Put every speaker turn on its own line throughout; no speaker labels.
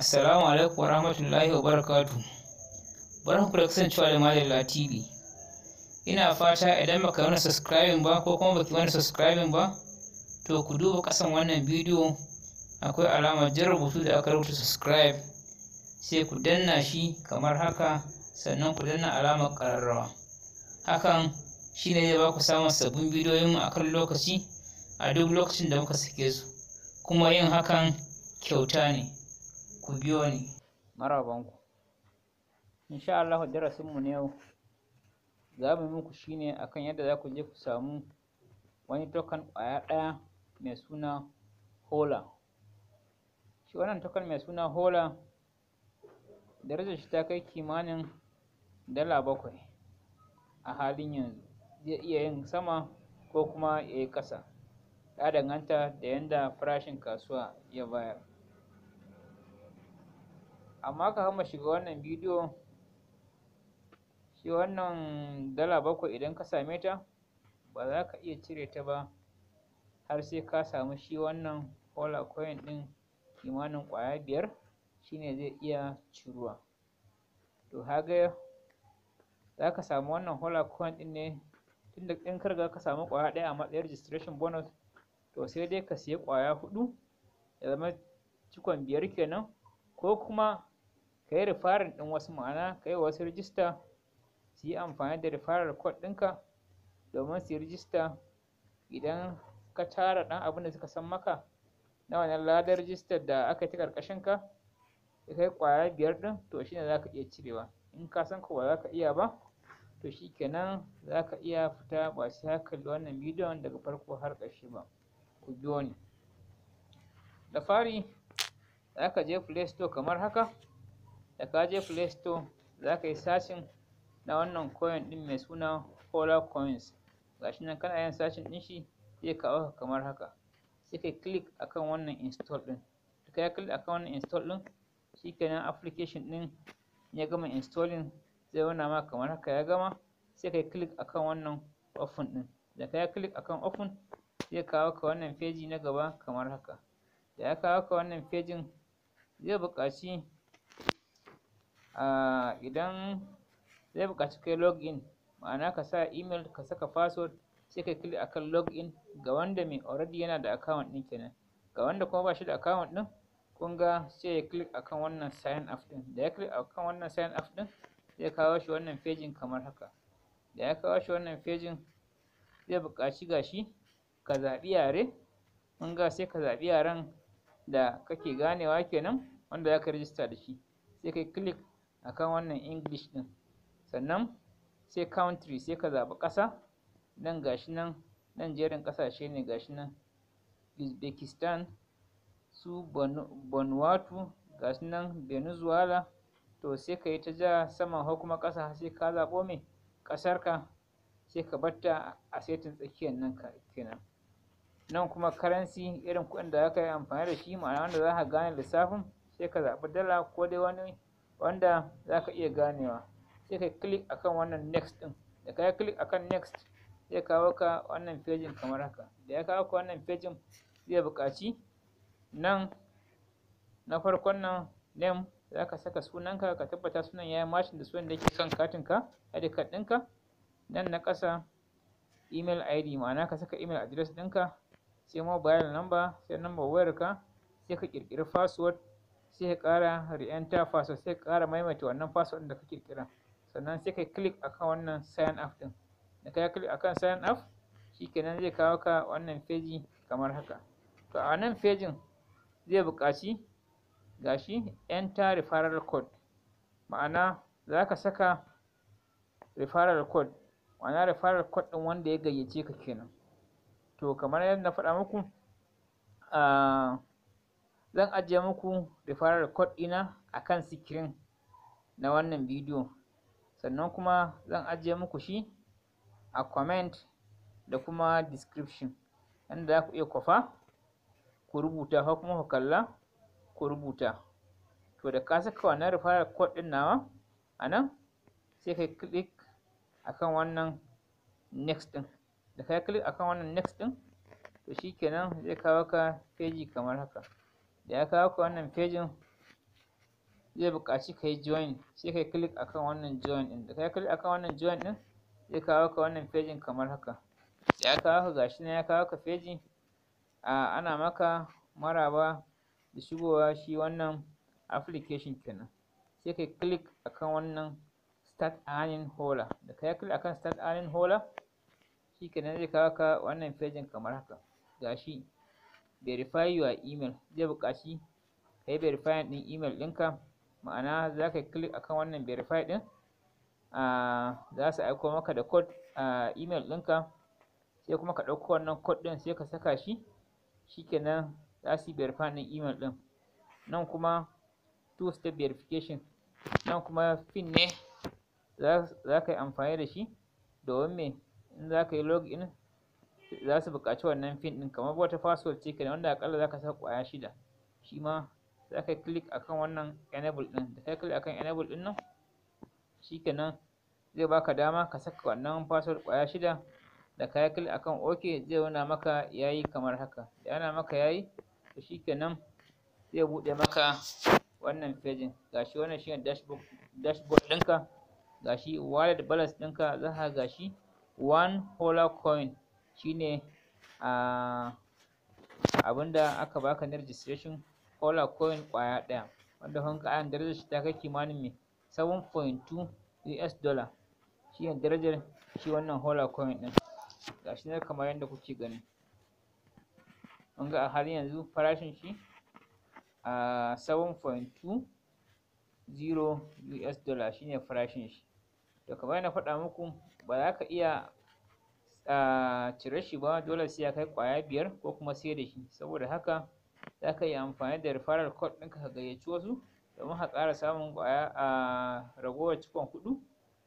Assalamu alaikum wa rahmatullahi wa barakatu. Barkan ku da kasancewa da Malala TV. Ina fata idan baka wani subscribing ba ko kuma baki wani subscribing ba, to ku duba kasan wannan bidiyo akwai alama jin rubutu da aka rubuta subscribe sai ku danna shi kamar haka sannan ku danna alamar ƙararrawa. Hakan shine zai ba ku samun sabbin bidiyoyin a kan lokaci a duk lokacin da muka sake su. Kuma yin hakan kyauta ne. ku biyo ni marabanku insha Allah darasin mu na yau za mu yi muku shine akan yadda za ku je ku samu wani token ƙwaya ɗaya mai suna hola shi wannan token mai suna hola darajar shi ta kai kimanin dala bakwai a halin yanzu zai iya yin sama ko kuma ya yi ƙasa ya danganta da yadda farashin kasuwa ya bayar amma ka mu shiga wannan bidiyo shi wannan dala bakwai idan ka same ta ba za ka iya cire ta ba har sai ka samu shi wannan Polar coin ɗin kimanin kwaya biyar shi ne zai iya ciruwa to ya za ka samu wannan hola coin ɗin ne tunda in ka riga ka samu kwaya ɗaya a matsayin registration bonus to sai dai ka siya ƙwaya huɗu ya zama cikon biyar kenan ko kuma ka yi rifarin ɗin wasu ma'ana ka wasu rijista su yi amfani da rifarar code ɗinka domin su yi rijista idan ka tara ɗan abin da suka san maka na wannan ladar rijistar da aka yi ta ƙarƙashinka ya kai ƙwaya biyar ɗin to shi ne za ka iya cirewa in ka san kowa za ka iya ba to shi kenan za ka iya fita ba sai ka kalli wannan bidiyon daga farko har ƙarshe ba ku biyo ni da fari za ka je play store kamar haka da ka je play store za ka yi searching na wannan coin din mai suna polar coins gashi nan kana yin searching din shi zai kawo ka kamar haka sai kai click akan wannan install din da ka yi click akan wannan install ɗin shikenan application din ya gama installing zai wana ma kamar haka ya gama sai kai click akan wannan open din da ka yi click akan open zai kawo ka wannan feji na gaba kamar haka da ya kawo ka wannan fejin zai buƙaci idan zai buƙaci kai login ma'ana ka sa email ka saka password sai ka click akan login ga wanda mai already yana da account ɗin kenan ga wanda kuma ba shi da account ɗin kun ga sai ya click akan wannan sign up ɗin da ya click akan wannan sign up ɗin zai kawo shi wannan pagin kamar haka da ya kawo shi wannan pagin zai buƙaci gashi ka zaɓi yare kun ga sai ka zaɓi yaren da kake ganewa kenan wanda ka register da shi sai kai click akan wannan English din sannan sai country sai ka zaɓi ƙasa nan gashi nan nan jerin ƙasashe ne gashi nan Uzbekistan su Vanuatu gashi nan Venezuela to sai ka yi ta ja saman ko kuma ƙasa sai ka zaɓo me ka sai ka batta a setin tsakiyar nan kenan nan kuma currency irin kuɗin da zaka yi amfani da shi ma'ana wanda za ka gane lissafin sai ka zaɓi dala ko dai wani wanda za ka iya ganewa sai klik click akan wannan next ɗin da ka yi click akan next zai kawo ka wannan fejin kamar haka da ya kawo ka wannan fejin zai buƙaci nan na farkon nan name za ka saka sunanka ka tabbata sunan ya yi mashin da sunan da yake kan katinka ID card ɗinka nan na ƙasa email ID ma'ana ka saka email address ɗinka sai mobile number sai number wayarka sai ka ƙirƙiri password sai ka ƙara re-enter password sai ka ƙara maimaita wannan password da ka ƙirƙira sannan sai ka click akan wannan sign up ɗin da ka click akan sign up shikenan zai kawo ka wannan feji kamar haka to a wannan fejin zai buƙaci gashi enter referral code ma'ana za ka saka referral code ma'ana referral code ɗin wanda ya gayyace ka kenan to kamar yadda na faɗa muku a ah, zan ajiye muku referral code ɗina a kan sikirin na wannan bidiyo sannan kuma zan ajiye muku shi a comment da kuma description inda za ku iya kwafa ku rubuta ko kuma ku kalla ku rubuta to da ka saka wannan referral code ɗin nawa a nan sai ka click akan wannan next ɗin da yi click akan wannan next ɗin to shikenan zai kawo ka kamar haka da ya kawo ka wannan fejin zai buƙaci ka yi join sai kai click akan wannan join ɗin da kai click akan wannan join ɗin zai kawo ka wannan fejin kamar haka da ya kawo ka gashi nan ya kawo ka feji a ana maka maraba da shigowa shi wannan application kenan sai kai click akan wannan start earning hola da kai click akan start earning hola shikenan zai kawo ka wannan fejin kamar haka gashi verify your email zai buƙaci ka yi ɗin email ɗinka ma'ana za ka click akan wannan verify ɗin za su aiko maka da code a email ɗinka sai kuma ka ɗauko wannan code ɗin sai ka saka shi shikenan za su yi verifying ɗin email ɗin nan kuma two step verification nan kuma pin ne za ka yi amfani da shi domin me in za ka yi login za su buƙaci wannan fin ɗin kamar wata password ce kenan wanda akalla za ka sa ƙwaya shida shi ma za ka click akan wannan enable ɗin da ka click akan enable ɗin nan shi kenan zai baka dama ka saka wannan password ƙwaya shida da ka click akan ok zai nuna maka yayi kamar haka da yana maka yayi to shi kenan zai buɗe maka wannan Ga gashi wannan shine dashboard dashboard ɗinka gashi wallet balance ɗinka za ka gashi one hola coin shine a abinda aka baka na registration Kola coin ƙwaya ɗaya wanda kun ga darajar shi ta kai kimanin me seven point two US dollar shine darajar shi wannan Hola coin ɗin gashi nan kamar yadda kuke gani kun ga a halin yanzu farashin shi a seven point two zero US dollar shine farashin shi to kamar yadda na faɗa muku ba za ka iya cire shi ba dole sai ya kai ƙwaya biyar ko kuma sai da shi saboda haka za ka yi amfani da referral code ɗinka ka gayyaci wasu domin ka ƙara samun ƙwaya a ragowar cikon kuɗi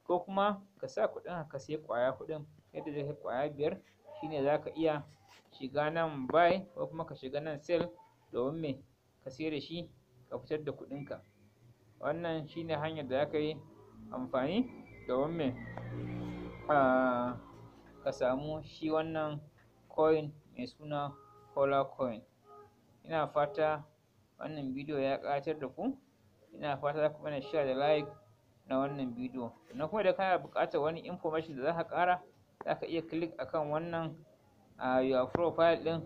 ko kuma ka sa kuɗin ka sai ƙwaya kuɗin yadda zai kai ƙwaya biyar shine za ka iya shiga nan buy ko kuma ka shiga nan sell domin me ka sai da shi ka fitar da kuɗinka wannan shine hanyar da za ka yi amfani domin me ka samu shi wannan coin mai suna hola coin. Ina fata wannan bidiyo ya ƙatar da ku, ina fata za ku mana share da like na wannan bidiyo. Sannan kuma idan kana buƙatar wani information da za ka ƙara, za ka iya click akan wannan a your profile ɗin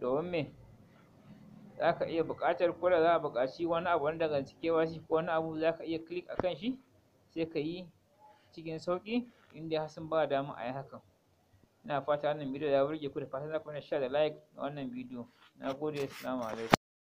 domin me za ka iya buƙatar ko da za a buƙaci wani abu wanda daga KYC ko wani abu za ka iya click akan shi sai ka yi cikin sauƙi inda hasin sun ba dama a yi hakan. ina fata wannan bidiyo ya burge ku da fatan za ku sha da like wannan bidiyo na gode assalamu alaikum